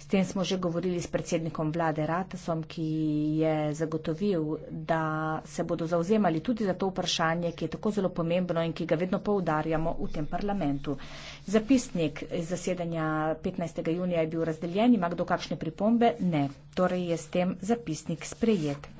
S tem smo že govorili s predsednikom vlade Ratasom, ki je zagotovil, da se bodo zauzemali tudi za to vprašanje, ki je tako zelo pomembno in ki ga vedno poudarjamo v tem parlamentu. Zapisnik zasedanja 15. junija je bil razdeljen. Ima kdo kakšne pripombe? Ne. Torej je s tem zapisnik sprejet.